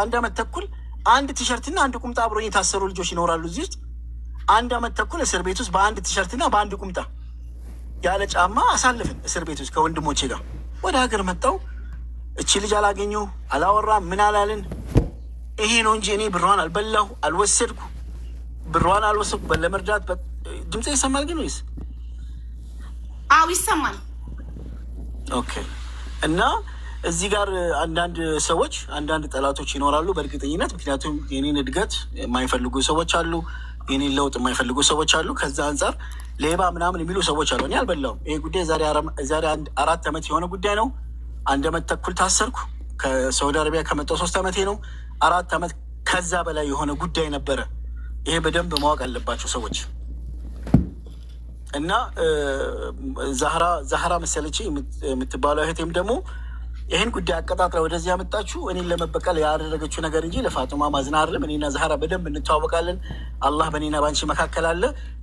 አንድ አመት ተኩል አንድ ቲሸርትና አንድ ቁምጣ አብሮ የታሰሩ ልጆች ይኖራሉ እዚህ ውስጥ። አንድ አመት ተኩል እስር ቤት ውስጥ በአንድ ቲሸርትና በአንድ ቁምጣ ያለ ጫማ አሳልፍን እስር ቤት ውስጥ ከወንድሞቼ ጋር ወደ ሀገር መጣው። እቺ ልጅ አላገኙ አላወራም፣ ምን አላልን። ይሄ ነው እንጂ እኔ ብሯን አልበላሁ አልወሰድኩ፣ ብሯን አልወሰድኩ ለመርዳት። ድምፅ ይሰማል ግን ወይስ? አዎ ይሰማል። ኦኬ እና እዚህ ጋር አንዳንድ ሰዎች አንዳንድ ጠላቶች ይኖራሉ በእርግጠኝነት ምክንያቱም የኔን እድገት የማይፈልጉ ሰዎች አሉ፣ የኔን ለውጥ የማይፈልጉ ሰዎች አሉ። ከዛ አንጻር ሌባ ምናምን የሚሉ ሰዎች አሉ። እኔ አልበላውም። ይሄ ጉዳይ ዛሬ አራት ዓመት የሆነ ጉዳይ ነው። አንድ ዓመት ተኩል ታሰርኩ። ከሳውዲ አረቢያ ከመጣሁ ሶስት ዓመቴ ነው። አራት ዓመት ከዛ በላይ የሆነ ጉዳይ ነበረ። ይሄ በደንብ ማወቅ አለባቸው ሰዎች እና ዛህራ መሰለች የምትባለው እህቴም ደግሞ ይህን ጉዳይ አቀጣጥላ ወደዚህ ያመጣችሁ እኔን ለመበቀል ያደረገችው ነገር እንጂ ለፋጡማ ማዝን አይደለም። እኔና ዛህራ በደንብ እንተዋወቃለን። አላህ በእኔና በአንቺ መካከል አለ።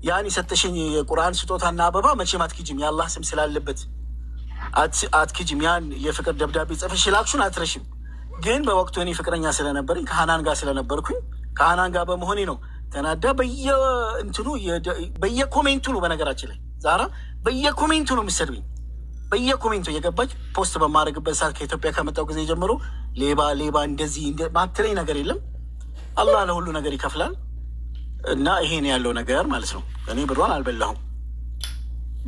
ያን የሰጠሽኝ የቁርአን ስጦታና አበባ መቼም አትክጅም፣ የአላህ ስም ስላለበት አትክጅም። ያን የፍቅር ደብዳቤ ጽፈሽ ላክሹን አትረሽም። ግን በወቅቱ እኔ ፍቅረኛ ስለነበረኝ ከሃናን ጋር ስለነበርኩኝ ከሃናን ጋር በመሆኔ ነው ተናዳ በየእንትኑ በየኮሜንቱ ነው። በነገራችን ላይ ዛራ በየኮሜንቱ ነው የምትሰድብኝ በየኮሜንቱ እየገባች ፖስት በማድረግበት ሰዓት ከኢትዮጵያ ከመጣው ጊዜ ጀምሮ ሌባ ሌባ እንደዚህ ማትለኝ ነገር የለም። አላህ ለሁሉ ነገር ይከፍላል እና ይሄን ያለው ነገር ማለት ነው። እኔ ብሯን አልበላሁም።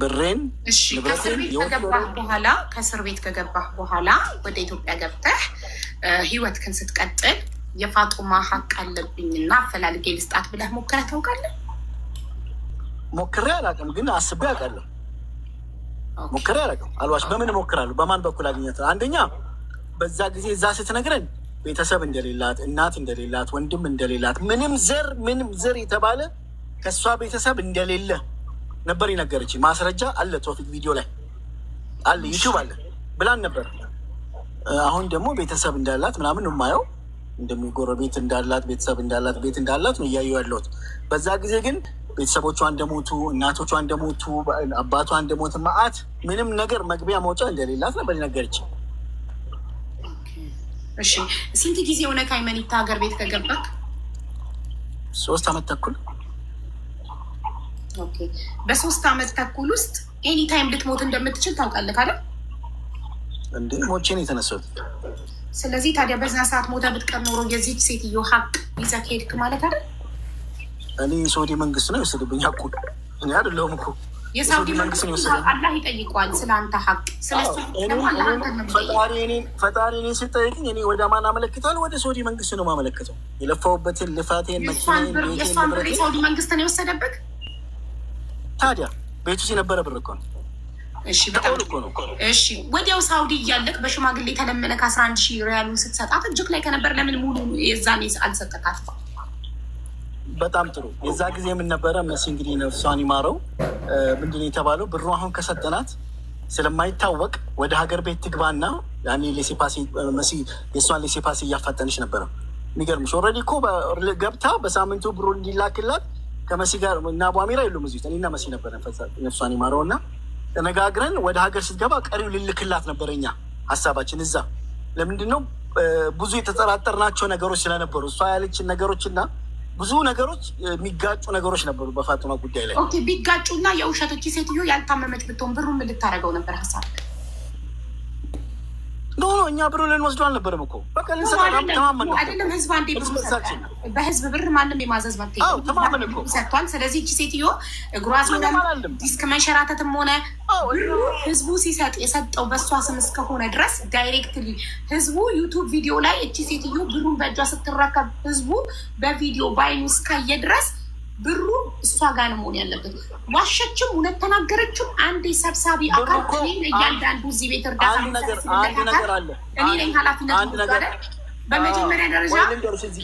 ብሬን በኋላ ከእስር ቤት ከገባህ በኋላ ወደ ኢትዮጵያ ገብተህ ህይወትህን ስትቀጥል የፋጡማ ሀቅ አለብኝና አፈላልጌ ልስጣት ብለህ ሞክረህ ታውቃለህ? ሞክሬ አላውቅም፣ ግን አስቤ አውቃለሁ። ሙከራ ያደረገው አልዋሽ በምን እሞክራለሁ? በማን በኩል አግኘት? አንደኛ በዛ ጊዜ እዛ ስትነግረን ቤተሰብ እንደሌላት እናት እንደሌላት ወንድም እንደሌላት ምንም ዘር ምንም ዘር የተባለ ከእሷ ቤተሰብ እንደሌለ ነበር የነገረች። ማስረጃ አለ፣ ቶፊክ ቪዲዮ ላይ አለ፣ ዩቱብ አለ ብላን ነበር። አሁን ደግሞ ቤተሰብ እንዳላት ምናምን የማየው እንደሚጎረቤት እንዳላት ቤተሰብ እንዳላት ቤት እንዳላት ነው እያየሁ ያለሁት። በዛ ጊዜ ግን ቤተሰቦቿ እንደሞቱ፣ እናቶቿ እንደሞቱ፣ አባቷ እንደሞት ማአት ምንም ነገር መግቢያ መውጫ እንደሌላት ነበር ነገረች። እሺ ስንት ጊዜ ሆነ ከሃይማኖት ሀገር ቤት ከገባክ? ሶስት አመት ተኩል። በሶስት አመት ተኩል ውስጥ ኤኒ ታይም ልትሞት እንደምትችል ታውቃለህ አይደል? እንደ ሞቼ ነው የተነሳሁት። ስለዚህ ታዲያ በዛ ሰዓት ሞታ ብትቀር ኖሮ የዚች ሴትዮ ሀቅ ይዘህ ከሄድክ ማለት አይደል እኔ የሳውዲ መንግስት ነው የወሰደብኝ። ሀቁ እኔ አይደለሁም እኮ የሳውዲ መንግስት ነው የወሰደብኝ። አላህ ይጠይቋል ስለ አንተ ሀቅ። ፈጣሪ እኔ ሲጠይቅኝ እኔ ወደ ማን አመለክታለሁ? ወደ ሳውዲ መንግስት ነው የማመለክተው። የለፋሁበትን ልፋቴን፣ መኪናን ብር የሳውዲ መንግስት ነው የወሰደብህ። ታዲያ ቤት ውስጥ የነበረ ብር እኮ ነው። እሺ ወዲያው ሳውዲ እያለቅ በሽማግሌ የተለመነ ከአስራ አንድ ሺህ ሪያሉን ስትሰጣት እጅግ ላይ ከነበር ለምን ሙሉ የዛኔ አልሰጠካትም? በጣም ጥሩ። የዛ ጊዜ የምን ነበረ መሲ እንግዲህ ነፍሷን ይማረው። ምንድን የተባለው ብሩ አሁን ከሰጠናት ስለማይታወቅ ወደ ሀገር ቤት ትግባና ያኔ ሌሴፓሲ መሲ የእሷን ሌሴፓሴ እያፋጠነች ነበረ። የሚገርምሽ ኦልሬዲ እኮ ገብታ በሳምንቱ ብሩ እንዲላክላት ከመሲ ጋር እና አቧሚራ የሉም እዚህ እኔና መሲ ነበረ ነፍሷን ይማረው እና ተነጋግረን ወደ ሀገር ስትገባ ቀሪው ልልክላት ነበረ። እኛ ሀሳባችን እዛ ለምንድን ነው ብዙ የተጠራጠርናቸው ነገሮች ስለነበሩ እሷ ያለችን ነገሮችና ብዙ ነገሮች የሚጋጩ ነገሮች ነበሩ በፋጡማ ጉዳይ ላይ ቢጋጩ የውሸቶች ሴትዮ ያልታመመች ብትሆን ብሩ ልታደርገው ነበር ሀሳብ ኖ እኛ ብሎ ልንወስዱ አልነበረም እኮ አይደለም። ህዝብ አንዴ በህዝብ ብር ማንም የማዘዝ መብት ሰጥቷል። ስለዚህ እቺ ሴትዮ እግሯ ዲስክ መንሸራተትም ሆነ ህዝቡ ሲሰጥ የሰጠው በእሷ ስም እስከሆነ ድረስ ዳይሬክትሊ ህዝቡ ዩቱብ ቪዲዮ ላይ እቺ ሴትዮ ብሩን በእጇ ስትረከብ ህዝቡ በቪዲዮ ባይኑ እስካየ ድረስ ብሩ እሷ ጋር ነው መሆን ያለበት። ዋሸችም እውነት ተናገረችም አንድ የሰብሳቢ አካል እኔ እያንዳንዱ እዚህ ቤት እርዳታ እኔ ነኝ ኃላፊነት ጋር በመጀመሪያ ደረጃ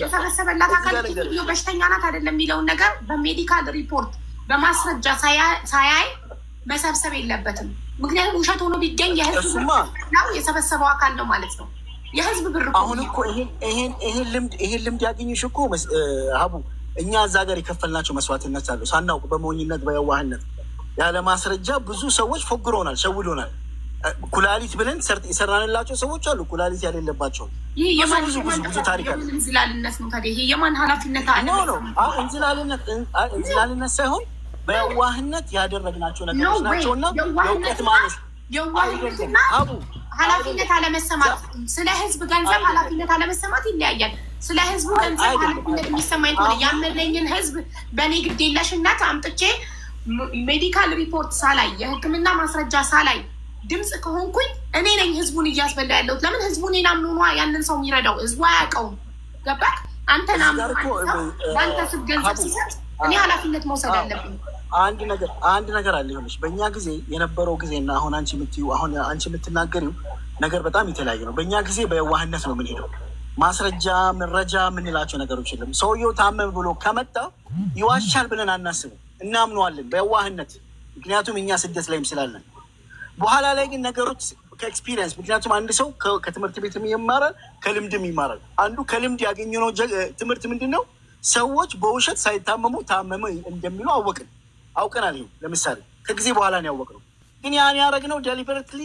የተሰበሰበላት አካል ዮ በሽተኛ ናት አይደለም የሚለውን ነገር በሜዲካል ሪፖርት በማስረጃ ሳያይ መሰብሰብ የለበትም። ምክንያቱም ውሸት ሆኖ ቢገኝ የህዝብ ነው የሰበሰበው አካል ነው ማለት ነው የህዝብ ብር። አሁን እኮ ይሄን ልምድ ያገኝሽ እኮ ሀቡ እኛ እዛ ሀገር የከፈልናቸው መስዋዕትነት አለ ሳናውቅ በሞኝነት በየዋህነት ያለ ማስረጃ ብዙ ሰዎች ፎግሮናል፣ ሸውዶናል። ኩላሊት ብለን የሰራንላቸው ሰዎች አሉ፣ ኩላሊት ያሌለባቸው ብዙ ታሪክ አለ። እንዝላልነት ሳይሆን በየዋህነት ያደረግናቸው ነገሮች ናቸውና የእውቀት ማነስ አቡ ኃላፊነት አለመሰማት ስለ ህዝብ ገንዘብ ኃላፊነት አለመሰማት ይለያያል። ስለ ህዝቡ ገንዘብ ኃላፊነት የሚሰማኝ ከሆነ ያመለኝን ህዝብ በእኔ ግዴለሽነት አምጥቼ ሜዲካል ሪፖርት ሳላይ የህክምና ማስረጃ ሳላይ ድምፅ ከሆንኩኝ እኔ ነኝ ህዝቡን እያስበላ ያለሁት። ለምን ህዝቡን ኔና ምኗ ያንን ሰው የሚረዳው ህዝቡ አያውቀውም። አንተ አንተና ለአንተ ስብ ገንዘብ ሲሰጥ እኔ ኃላፊነት መውሰድ አለብኝ። አንድ ነገር አንድ ነገር አለ። ይሆነች በእኛ ጊዜ የነበረው ጊዜና አሁን አንቺ የምትዩ አሁን አንቺ የምትናገሪው ነገር በጣም የተለያየ ነው። በእኛ ጊዜ በየዋህነት ነው የምንሄደው። ማስረጃ መረጃ የምንላቸው ነገሮች የለም። ሰውየው ታመም ብሎ ከመጣ ይዋሻል ብለን አናስብም፣ እናምነዋለን በየዋህነት ምክንያቱም እኛ ስደት ላይም ስላለን። በኋላ ላይ ግን ነገሮች ከኤክስፒሪየንስ ምክንያቱም አንድ ሰው ከትምህርት ቤትም ይማራል፣ ከልምድም ይማራል። አንዱ ከልምድ ያገኘነው ትምህርት ምንድን ነው? ሰዎች በውሸት ሳይታመሙ ታመመ እንደሚሉ አወቅን አውቀናል። ይኸው ለምሳሌ ከጊዜ በኋላ ነው ያወቅነው። ግን ያን ያደረግነው ዴሊበሬትሊ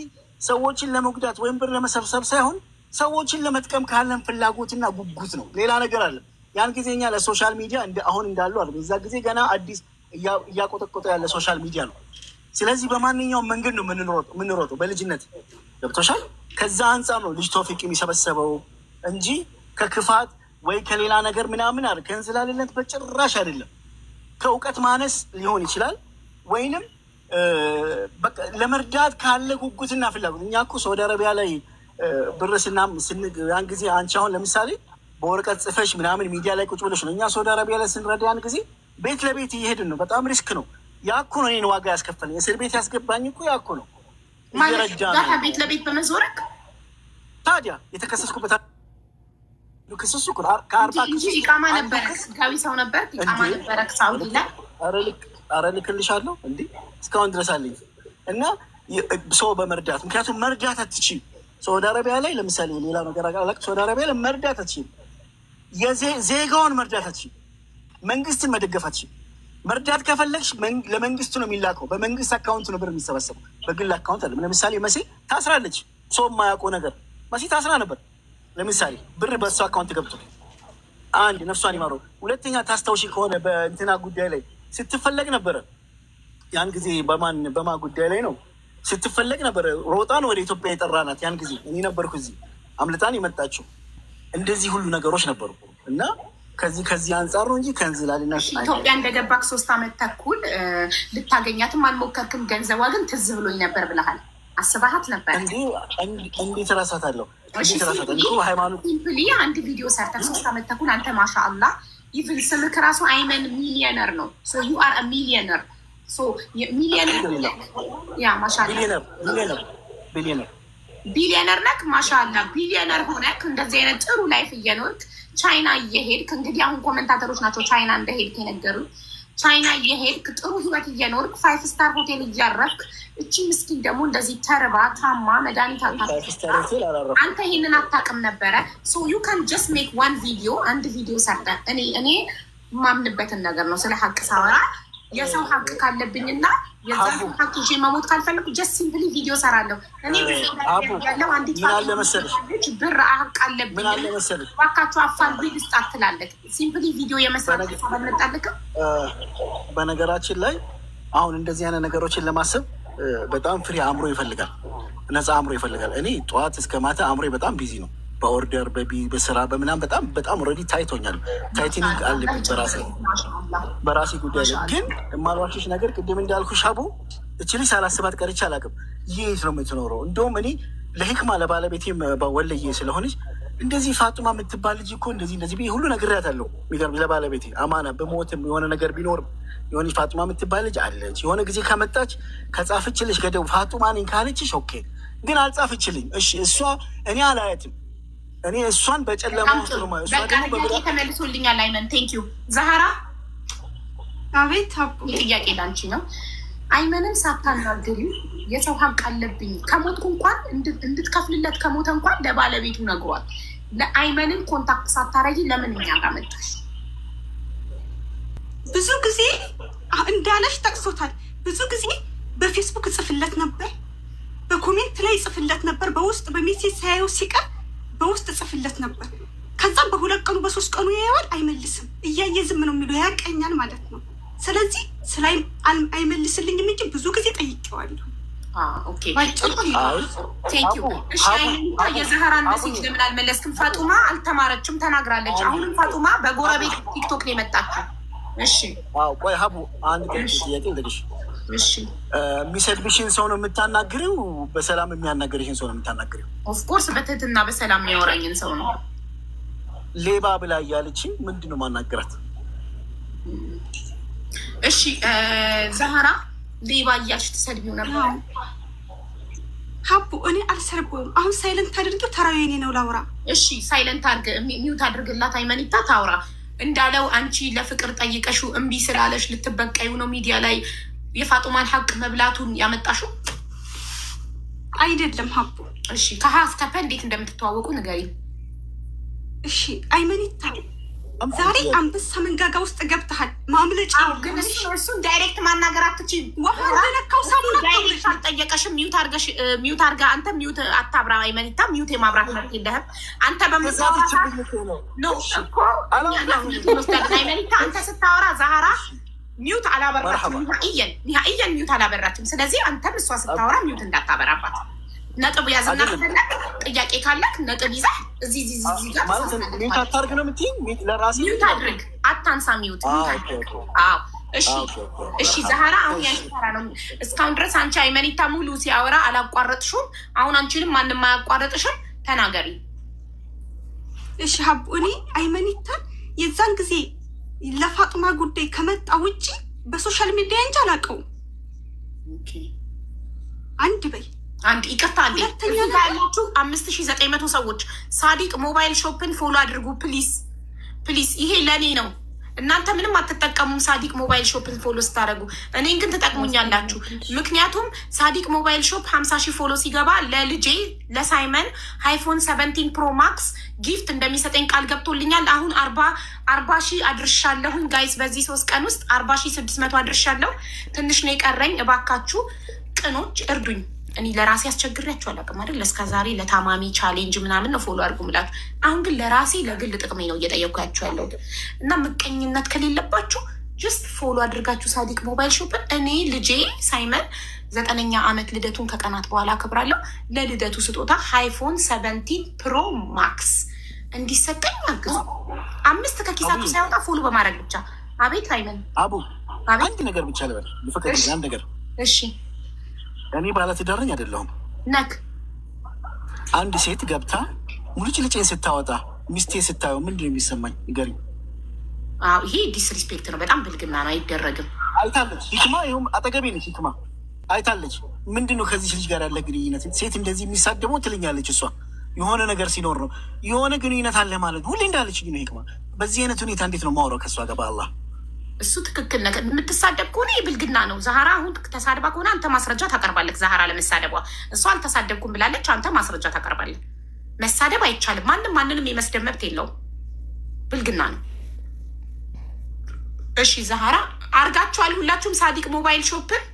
ሰዎችን ለመጉዳት ወይም ብር ለመሰብሰብ ሳይሆን ሰዎችን ለመጥቀም ካለን ፍላጎትና ጉጉት ነው። ሌላ ነገር አለ። ያን ጊዜ እኛ ለሶሻል ሚዲያ አሁን እንዳሉ አለ እዛ ጊዜ ገና አዲስ እያቆጠቆጠ ያለ ሶሻል ሚዲያ ነው። ስለዚህ በማንኛውም መንገድ ነው የምንሮጠው በልጅነት ገብቶሻል። ከዛ አንጻር ነው ልጅ ቶፊቅ የሚሰበሰበው እንጂ ከክፋት ወይ ከሌላ ነገር ምናምን አር ከእንዝላልነት በጭራሽ አይደለም። ከእውቀት ማነስ ሊሆን ይችላል ወይንም ለመርዳት ካለ ጉጉትና ፍላጎት። እኛ እኮ ሳውዲ አረቢያ ላይ ብር ስና ያን ጊዜ አንቺ አሁን ለምሳሌ በወረቀት ጽፈሽ ምናምን ሚዲያ ላይ ቁጭ ብለሽ ነው። እኛ ሳውዲ አረቢያ ላይ ስንረዳ ያን ጊዜ ቤት ለቤት እየሄድን ነው። በጣም ሪስክ ነው። ያኮ ነው እኔን ዋጋ ያስከፈለኝ። እስር ቤት ያስገባኝ እኮ ያኮ ነው። ቤት ለቤት በመዞረቅ ታዲያ የተከሰስኩበት ክስሱ እንጂ ኢቃማ ህጋዊ ሰው ኢቃማ ሳውዲ ላይ። ልክልሻለሁ እስካሁን እና ሰው በመርዳት ምክንያቱም መርዳት አትችይም። ሳውዲ አረቢያ ላይ ለምሳሌ ሌላ ነገር አላውቅም። ሳውዲ አረቢያ ላይ መርዳት ዜጋውን መርዳት መንግስትን መደገፍ መርዳት ከፈለግሽ ለመንግስት ነው የሚላከው። በመንግስት አካውንት ነው ብር የሚሰበሰበው፣ በግል አካውንት አለ። ለምሳሌ መሴ ታስራለች። ሰው የማያውቀው ነገር መሴ ታስራ ነበር። ለምሳሌ ብር በእሷ አካውንት ገብቶ አንድ ነፍሷን ይማረው። ሁለተኛ ታስታውሺ ከሆነ በእንትና ጉዳይ ላይ ስትፈለግ ነበረ። ያን ጊዜ በማን በማ ጉዳይ ላይ ነው ስትፈለግ ነበረ። ሮጣን ወደ ኢትዮጵያ የጠራናት ያን ጊዜ እኔ ነበርኩ እዚህ አምልጣን የመጣችው። እንደዚህ ሁሉ ነገሮች ነበሩ እና ከዚህ ከዚህ አንጻር ነው እንጂ ከንዝላልና ኢትዮጵያ እንደገባክ ሶስት አመት ተኩል ልታገኛትም አልሞከርክም። ገንዘቧ ግን ትዝ ብሎኝ ነበር ብለሃል። አስባሃት ነበር እንዴት ራሳት አለው ሲምፕሊ አንድ ቪዲዮ ሰርተህ ሶስት ዓመት ተኩል አንተ ማሻ ራሱ አይመን ሚሊዮነር ነው። ሶ ዩ አር ሚሊዮነር ቢሊዮነር ነክ ማሻላ ቢሊየነር ሆነክ እንደዚህ አይነት ጥሩ ላይፍ እየኖርክ ቻይና እየሄድክ እንግዲህ አሁን ኮመንታተሮች ናቸው ቻይና እንደሄድክ የነገሩት ቻይና እየሄድክ ጥሩ ህይወት እየኖርክ ፋይፍ ስታር ሆቴል እያረፍክ፣ እቺ ምስኪን ደግሞ እንደዚህ ተርባ ታማ መድኃኒት አንተ ይህንን አታውቅም ነበረ። ሶ ዩ ካን ጀስት ሜክ ዋን ቪዲዮ አንድ ቪዲዮ ሰርተን እኔ እኔ ማምንበትን ነገር ነው ስለ ሀቅ ሳወራ የሰው ሀቅ ካለብኝና የዛን ሀቅ ይዤ መሞት ካልፈለጉ ጀስት ሲምፕሊ ቪዲዮ ሰራለሁ። እኔ ያለው አንዲት ልጅ ብር ሀቅ አለብኝ እባካችሁ አፋልጉ ልስጥ አትላለቅ። ሲምፕሊ ቪዲዮ የመስራት መጣልቅም። በነገራችን ላይ አሁን እንደዚህ አይነት ነገሮችን ለማሰብ በጣም ፍሪ አእምሮ ይፈልጋል፣ ነፃ አእምሮ ይፈልጋል። እኔ ጠዋት እስከ ማታ አእምሮ በጣም ቢዚ ነው። በኦርደር በቢ በስራ በምናም በጣም በጣም ረዲ ታይቶኛል። ታይቲኒንግ አለ በራሴ በራሴ ጉዳይ ግን የማልዋሽሽ ነገር ቅድም እንዳልኩ ሻቡ እችሊ ሳላስባት ቀርቼ አላቅም። የት ነው የምትኖረው? እንደውም እኔ ለህክማ ለባለቤቴም ወለየ ስለሆነች እንደዚህ ፋጡማ የምትባል ልጅ እኮ እንደዚህ እንደዚህ ብዬ ሁሉ ነግሬያታለሁ። የሚገርምሽ ለባለቤቴ አማና በሞትም የሆነ ነገር ቢኖርም የሆነ ፋጡማ የምትባል ልጅ አለች። የሆነ ጊዜ ከመጣች ከጻፍችልሽ ገደቡ ፋጡማ ነኝ ካለችሽ ኦኬ። ግን አልጻፍችልኝ። እሺ እሷ እኔ አላያትም እኔ እሷን በጨለማ ውስጥ ነው ማለት ነው። ተመልሶልኛል። አይመን ቴንክ ዩ ዛህራ። አቤት ጥያቄ ላንቺ ነው። አይመንም ሳታናግሪ የሰው ሀቅ አለብኝ ከሞትኩ እንኳን እንድትከፍልለት ከሞተ እንኳን ለባለቤቱ ነግሯል። ለአይመንም ኮንታክት ሳታረጊ ለምን እኛ ጋር መጣሽ? ብዙ ጊዜ እንዳለሽ ጠቅሶታል። ብዙ ጊዜ በፌስቡክ እጽፍለት ነበር፣ በኮሜንት ላይ እጽፍለት ነበር፣ በውስጥ በሜሴጅ ሳየው ሲቀር በውስጥ ጽፍለት ነበር። ከዛም በሁለት ቀኑ በሶስት ቀኑ ያየዋል፣ አይመልስም። እያየ ዝም ነው የሚለው ያቀኛል ማለት ነው። ስለዚህ ስላይ አይመልስልኝም እንጂ ብዙ ጊዜ ጠይቄዋለሁ። የዘህራን መሴጅ ለምን አልመለስክም? ፋጡማ አልተማረችም ተናግራለች። አሁንም ፋጡማ በጎረቤት ቲክቶክ ነው የመጣችው። እሺ ቆይ ሀቡ አንድ ጥያቄ የሚሰድብሽን ሰው ነው የምታናግሪው? በሰላም የሚያናገርሽን ሰው ነው የምታናግሪው? ኦፍኮርስ በትህትና በሰላም የሚያወራኝን ሰው ነው። ሌባ ብላ እያለችኝ ምንድን ነው ማናገራት? እሺ ዛህራ ሌባ እያልሽ ትሰድቢው ነበር ሀቡ? እኔ አልሰድብም። አሁን ሳይለንት አድርጊው፣ ተራዊ እኔ ነው ላውራ። እሺ ሳይለንት አድርግ፣ ሚውት አድርግላት። አይመኒታ ታውራ እንዳለው አንቺ ለፍቅር ጠይቀሽው እምቢ ስላለሽ ልትበቀዩ ነው ሚዲያ ላይ የፋጡማን ሀቅ መብላቱን ያመጣሹ አይደለም ሀቡ። እሺ ከሀ እስከ ፐ እንዴት እንደምትተዋወቁ ንገሪ። እሺ አይመኒታ ዛሬ አንበሳ መንጋጋ ውስጥ ገብተሃል። ማምለጫ ግን እሱን ዳይሬክት ማናገር አትችይም። ዋነካው ሳሙና ዳይሬክት አልጠየቀሽም። ሚዩት አርገሽ ሚዩት አርጋ አንተ ሚዩት አታብራ። አይመኒታ ሚዩት የማብራት መርት የለህም። አንተ በምዛት ነው እኮ አይመኒታ አንተ ስታወራ ዛህራ ሚውት አላበራችም። ኒሀእየን ኒሀእየን ሚውት አላበራችም። ስለዚህ አንተም እሷ ስታወራ ሚውት እንዳታበራባት ነጥብ ያዝና ጥያቄ ካለክ ነጥብ ይዛ እዚህ ሚውት አታርግ ነው የምትይኝ። ሚውት አድርግ፣ አታንሳ። ሚውት እሺ፣ እሺ። ዛህራ አሁን ያንተራ ነው። እስካሁን ድረስ አንቺ አይመኒታ ሙሉ ሲያወራ አላቋረጥሽም። አሁን አንቺንም ማንም አያቋረጥሽም። ተናገሪ እሺ። ሀቡ እኔ አይመኒታን የዛን ጊዜ ለፋጥማ ጉዳይ ከመጣ ውጪ በሶሻል ሚዲያ እንጂ አላውቀውም። አንድ በይ አንድ ይቅርታ ያላችሁ አምስት ሺ ዘጠኝ መቶ ሰዎች ሳዲቅ ሞባይል ሾፕን ፎሎ አድርጉ ፕሊስ ፕሊስ። ይሄ ለእኔ ነው። እናንተ ምንም አትጠቀሙም፣ ሳዲቅ ሞባይል ሾፕን ፎሎ ስታደረጉ። እኔን ግን ትጠቅሙኛላችሁ። ምክንያቱም ሳዲቅ ሞባይል ሾፕ ሀምሳ ሺህ ፎሎ ሲገባ ለልጄ ለሳይመን አይፎን ሰቨንቲን ፕሮ ማክስ ጊፍት እንደሚሰጠኝ ቃል ገብቶልኛል። አሁን አርባ አርባ ሺህ አድርሻለሁኝ ጋይስ፣ በዚህ ሶስት ቀን ውስጥ አርባ ሺህ ስድስት መቶ አድርሻለሁ። ትንሽ ነው የቀረኝ። እባካችሁ ቅኖች እርዱኝ። እኔ ለራሴ አስቸግሬያቸው አላውቅም አይደል? ዛሬ ለታማሚ ቻሌንጅ ምናምን ነው ፎሎ አድርጉ ምላችሁ። አሁን ግን ለራሴ ለግል ጥቅሜ ነው እየጠየኳቸው ያለው እና ምቀኝነት ከሌለባችሁ ጀስት ፎሎ አድርጋችሁ ሳዲቅ ሞባይል ሾፕን። እኔ ልጄ ሳይመን ዘጠነኛ ዓመት ልደቱን ከቀናት በኋላ አክብራለሁ። ለልደቱ ስጦታ ሃይፎን ሰቨንቲን ፕሮ ማክስ እንዲሰጠኝ አግዙ። አምስት ከኪሳችሁ ሳይወጣ ፎሎ በማድረግ ብቻ። አቤት ሳይመን አቡ፣ አንድ ነገር ብቻ ልበል፣ አንድ ነገር እሺ እኔ ባለትዳር ነኝ አይደለሁም? ነክ አንድ ሴት ገብታ ጭልጭን ስታወጣ ሚስቴ ስታየው ምንድን ነው የሚሰማኝ? ንገሪኝ። ይሄ ዲስሪስፔክት ነው፣ በጣም ብልግና ነው፣ አይደረግም። አይታለች፣ ሂክማ ይኸውም አጠገቤ ነች። ሂክማ አይታለች። ምንድን ነው ከዚች ልጅ ጋር ያለ ግንኙነት? ሴት እንደዚህ የሚሳደበው ትልኛለች እሷ የሆነ ነገር ሲኖር ነው። የሆነ ግንኙነት አለ ማለት ሁሌ እንዳለች ግን ሂክማ፣ በዚህ አይነት ሁኔታ እንዴት ነው ማውራው ከእሷ ጋር በአላህ እሱ ትክክል ነገር የምትሳደብ ከሆነ የብልግና ነው። ዛህራ አሁን ተሳድባ ከሆነ አንተ ማስረጃ ታቀርባለህ። ዛህራ ለመሳደቧ እሷ አልተሳደብኩም ብላለች። አንተ ማስረጃ ታቀርባለህ። መሳደብ አይቻልም። ማንም ማንንም የመስደብ መብት የለውም። ብልግና ነው። እሺ ዛህራ አርጋችኋል። ሁላችሁም ሳዲቅ ሞባይል ሾፕን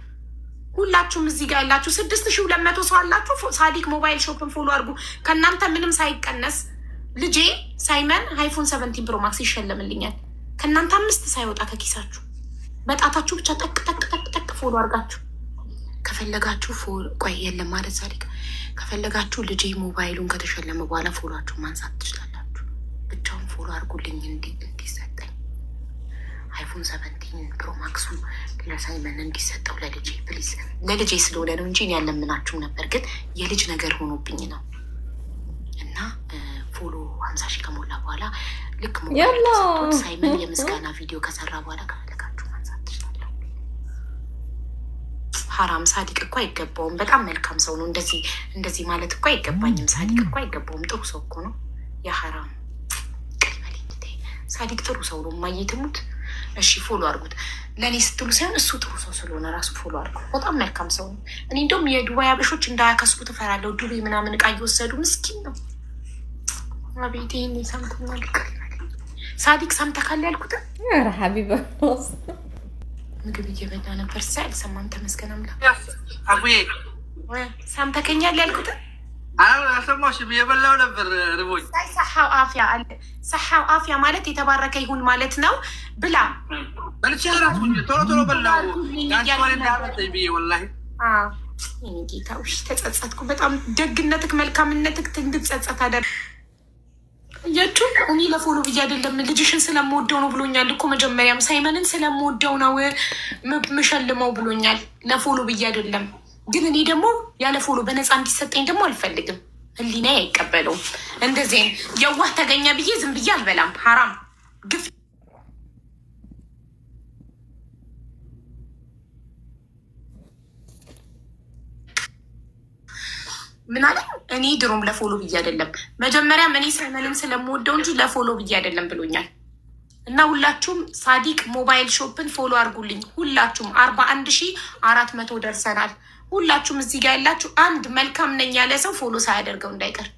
ሁላችሁም እዚህ ጋር ያላችሁ ስድስት ሺህ ሁለት መቶ ሰው አላችሁ። ሳዲቅ ሞባይል ሾፕን ፎሎ አድርጉ። ከእናንተ ምንም ሳይቀነስ ልጄ ሳይመን ሃይፎን ሰቨንቲን ፕሮማክስ ይሸለምልኛል። ከእናንተ አምስት ሳይወጣ ከኪሳችሁ በጣታችሁ ብቻ ጠቅ ጠቅ ጠቅ ጠቅ ፎሎ አድርጋችሁ ከፈለጋችሁ ቆይ የለም ማለት ዛሊቅ ከፈለጋችሁ ልጄ ሞባይሉን ከተሸለመ በኋላ ፎሎችሁ ማንሳት ትችላላችሁ። ብቻውን ፎሎ አድርጉልኝ እንዲሰጠኝ አይፎን ሰቨንቲን ፕሮማክሱ ማክሱ ለሳይመን እንዲሰጠው ለልጄ ፕሊዝ። ለልጄ ስለሆነ ነው እንጂ ያለምናችሁም ነበር፣ ግን የልጅ ነገር ሆኖብኝ ነው እና ፎሎ ሀምሳ ሺህ ከሞላ በኋላ ልክ ሞባይል ሳይመን የምስጋና ቪዲዮ ከሰራ በኋላ ከፈለጋችሁ ማንሳት ትችላላችሁ። ሀራም ሳዲቅ እኮ አይገባውም። በጣም መልካም ሰው ነው። እንደዚህ እንደዚህ ማለት እኮ አይገባኝም። ሳዲቅ እኮ አይገባውም። ጥሩ ሰው እኮ ነው። የሀራም ሳዲቅ ጥሩ ሰው ነው። ማየትሙት እሺ፣ ፎሎ አድርጉት። ለእኔ ስትሉ ሳይሆን እሱ ጥሩ ሰው ስለሆነ ራሱ ፎሎ አድርጉት። በጣም መልካም ሰው ነው። እኔ እንደውም የዱባይ አበሾች እንዳያከስቡ ትፈራለሁ። ዱቤ ምናምን እቃ እየወሰዱ ምስኪን ነው። አቤት ይህን ሰምተኛል። ሳዲቅ ሰምተካል ያልኩት ሀቢባ ምግብ እየበላ ነበር። ሳ አልሰማም። ተመስገን አምላክ። አቡዬ ሰምተከኛል ያልኩት አልሰማሽም? እየበላሁ ነበር ርቦኝ። ሰሓው አፍያ አለ። ሰሓው አፍያ ማለት የተባረከ ይሁን ማለት ነው። ብላ በልቼ እራት ቶሎ ቶሎ በላሁ ብዬ ወላሂ ጌታ ተጸጸትኩ። በጣም ደግነትክ መልካምነትክ እንድትጸጸት አደረግ የጩ እኔ ለፎሎ ብዬ አይደለም ልጅሽን ስለምወደው ነው ብሎኛል እኮ መጀመሪያም ሳይመንን ስለምወደው ነው ምሸልመው ብሎኛል። ለፎሎ ብዬ አይደለም ግን እኔ ደግሞ ያለ ፎሎ በነፃ እንዲሰጠኝ ደግሞ አልፈልግም። ህሊና አይቀበለውም። እንደዚህ የዋህ ተገኘ ብዬ ዝም ብዬ አልበላም። ሀራም ግፍ ምናለ እኔ ድሮም ለፎሎ ብዬ አይደለም መጀመሪያም እኔ ሳይመንም ስለምወደው እንጂ ለፎሎ ብዬ አይደለም ብሎኛል። እና ሁላችሁም ሳዲቅ ሞባይል ሾፕን ፎሎ አድርጉልኝ። ሁላችሁም አርባ አንድ ሺ አራት መቶ ደርሰናል። ሁላችሁም እዚህ ጋር ያላችሁ አንድ መልካም ነኝ ያለ ሰው ፎሎ ሳያደርገው እንዳይቀር።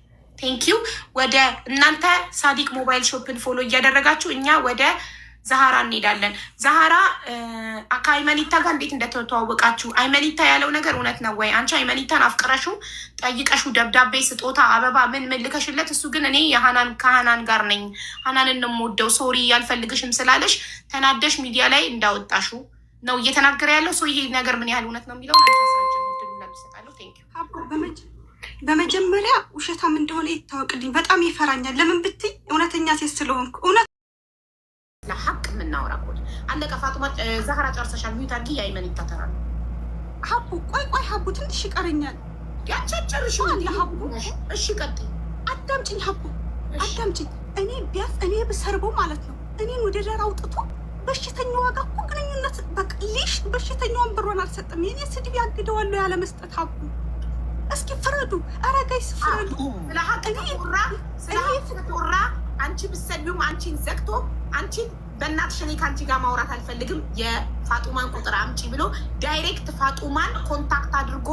ቴንኪዩ። ወደ እናንተ ሳዲቅ ሞባይል ሾፕን ፎሎ እያደረጋችሁ እኛ ወደ ዛሃራ እንሄዳለን። ዛሃራ ከአይመኒታ ጋር እንዴት እንደተተዋወቃችሁ አይመኒታ ያለው ነገር እውነት ነው ወይ? አንቺ አይመኒታን አፍቅረሹ ጠይቀሹ ደብዳቤ፣ ስጦታ፣ አበባ ምን ምልከሽለት፣ እሱ ግን እኔ የሃናን ከሃናን ጋር ነኝ ሃናን እንምወደው ሶሪ ያልፈልግሽም ስላለሽ ተናደሽ ሚዲያ ላይ እንዳወጣሹ ነው እየተናገረ ያለው ሰው። ይሄ ነገር ምን ያህል እውነት ነው የሚለው በመጀመሪያ ውሸታም እንደሆነ ይታወቅልኝ። በጣም ይፈራኛል። ለምን ብትይ እውነተኛ ሴት ስለሆንኩ እውነት እናውራ። ቆይ አለቀ። ፋጡማ ዛህራ ጨርሰሻል። ሚዩት አድርጊ። የአይመን ይታተራል። ሀቡ ቆይ ቆይ፣ ሀቡ ትንሽ ይቀረኛል። ያቻጨርሽ አለ ሀቡ። እሺ ቀጥ፣ አዳምጭኝ ሀቡ፣ አዳምጭኝ። እኔ ቢያስ እኔ ብሰርበው ማለት ነው እኔን ወደ ዳር አውጥቶ በሽተኛ ዋጋ እኮ ግንኙነት በቅሊሽ በሽተኛውን ብሮን አልሰጥም። የኔ ስድብ ያግደዋለሁ ያለ መስጠት ሀቡ እስኪ ፍረዱ። አረጋይ ጋይስ ፍረዱ። ስለ ሀቅ ተወራ፣ ስለ ተወራ። አንቺ ብትሰሚውም አንቺን ዘግቶ አንቺን በእናትሽ እኔ ከአንቺ ጋር ማውራት አልፈልግም የፋጡማን ቁጥር አምጪ ብሎ ዳይሬክት ፋጡማን ኮንታክት አድርጎ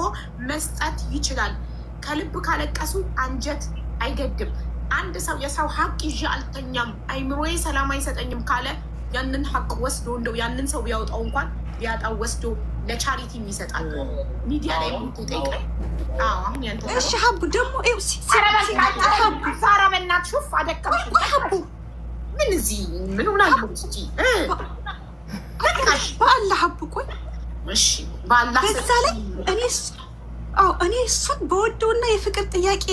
መስጠት ይችላል። ከልብ ካለቀሱ አንጀት አይገድም። አንድ ሰው የሰው ሀቅ ይዤ አልተኛም፣ አይምሮዬ ሰላም አይሰጠኝም ካለ ያንን ሀቅ ወስዶ እንደው ያንን ሰው ቢያወጣው እንኳን ቢያጣው ወስዶ ለቻሪቲ ይሰጣል። ሚዲያ ላይ ጠይቀኝ። እሺ ሀቡ ደግሞ ሀቡ ምን እዚህ ምን ሆናለሁ? በአላህ አብቆኝ። በዛ ላይ እኔ እሱን በወደውና የፍቅር ጥያቄ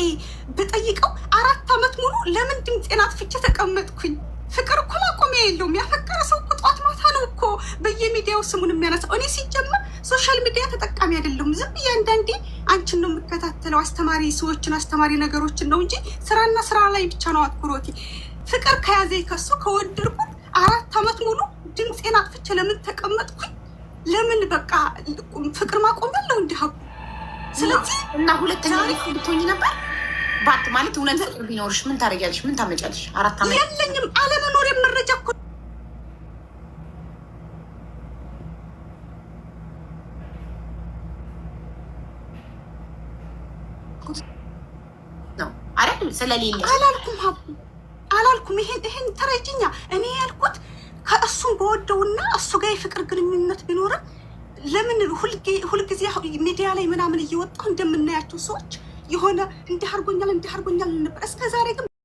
ብጠይቀው አራት ዓመት ሙሉ ለምን ድምጤን አጥፍቼ ተቀመጥኩኝ? ፍቅር እኮ ማቆሚያ የለውም። ያፈቀረ ሰው እኮ ጠዋት ማታ ነው እኮ በየሚዲያው ስሙን የሚያነሳው። እኔ ሲጀመር ሶሻል ሚዲያ ተጠቃሚ አይደለሁም። ዝም ብዬ አንቺን ነው የምከታተለው፣ አስተማሪ ሰዎችን፣ አስተማሪ ነገሮችን ነው እንጂ ስራና ስራ ላይ ብቻ ነው አትኩሮቴ። ፍቅር ከያዘኝ ከሱ ከወደድኩት አራት ዓመት ሙሉ ድምፄን አጥፍቼ ለምን ተቀመጥኩኝ? ለምን በቃ ፍቅር ማቆመለው እንዲህ ስለዚህ እና ሁለተኛ ብትሆኝ ነበር ባት ማለት እውነት ፍቅር ቢኖርሽ ምን ታደርጊያለሽ? ምን ታመጫለሽ? አራት ዓመት የለኝም አለመኖር የመረጃ እኮ ነው አረ ስለሌለ አላልኩም ሀቡ አላልኩም። ይሄን ይሄን ተረጅኛ እኔ ያልኩት ከእሱም በወደውና እሱ ጋር የፍቅር ግንኙነት ቢኖርም ለምን ሁልጊዜ ሚዲያ ላይ ምናምን እየወጣሁ እንደምናያቸው ሰዎች የሆነ እንዲህ አድርጎኛል እንዲህ አድርጎኛል ነበር እስከ ዛሬ ግን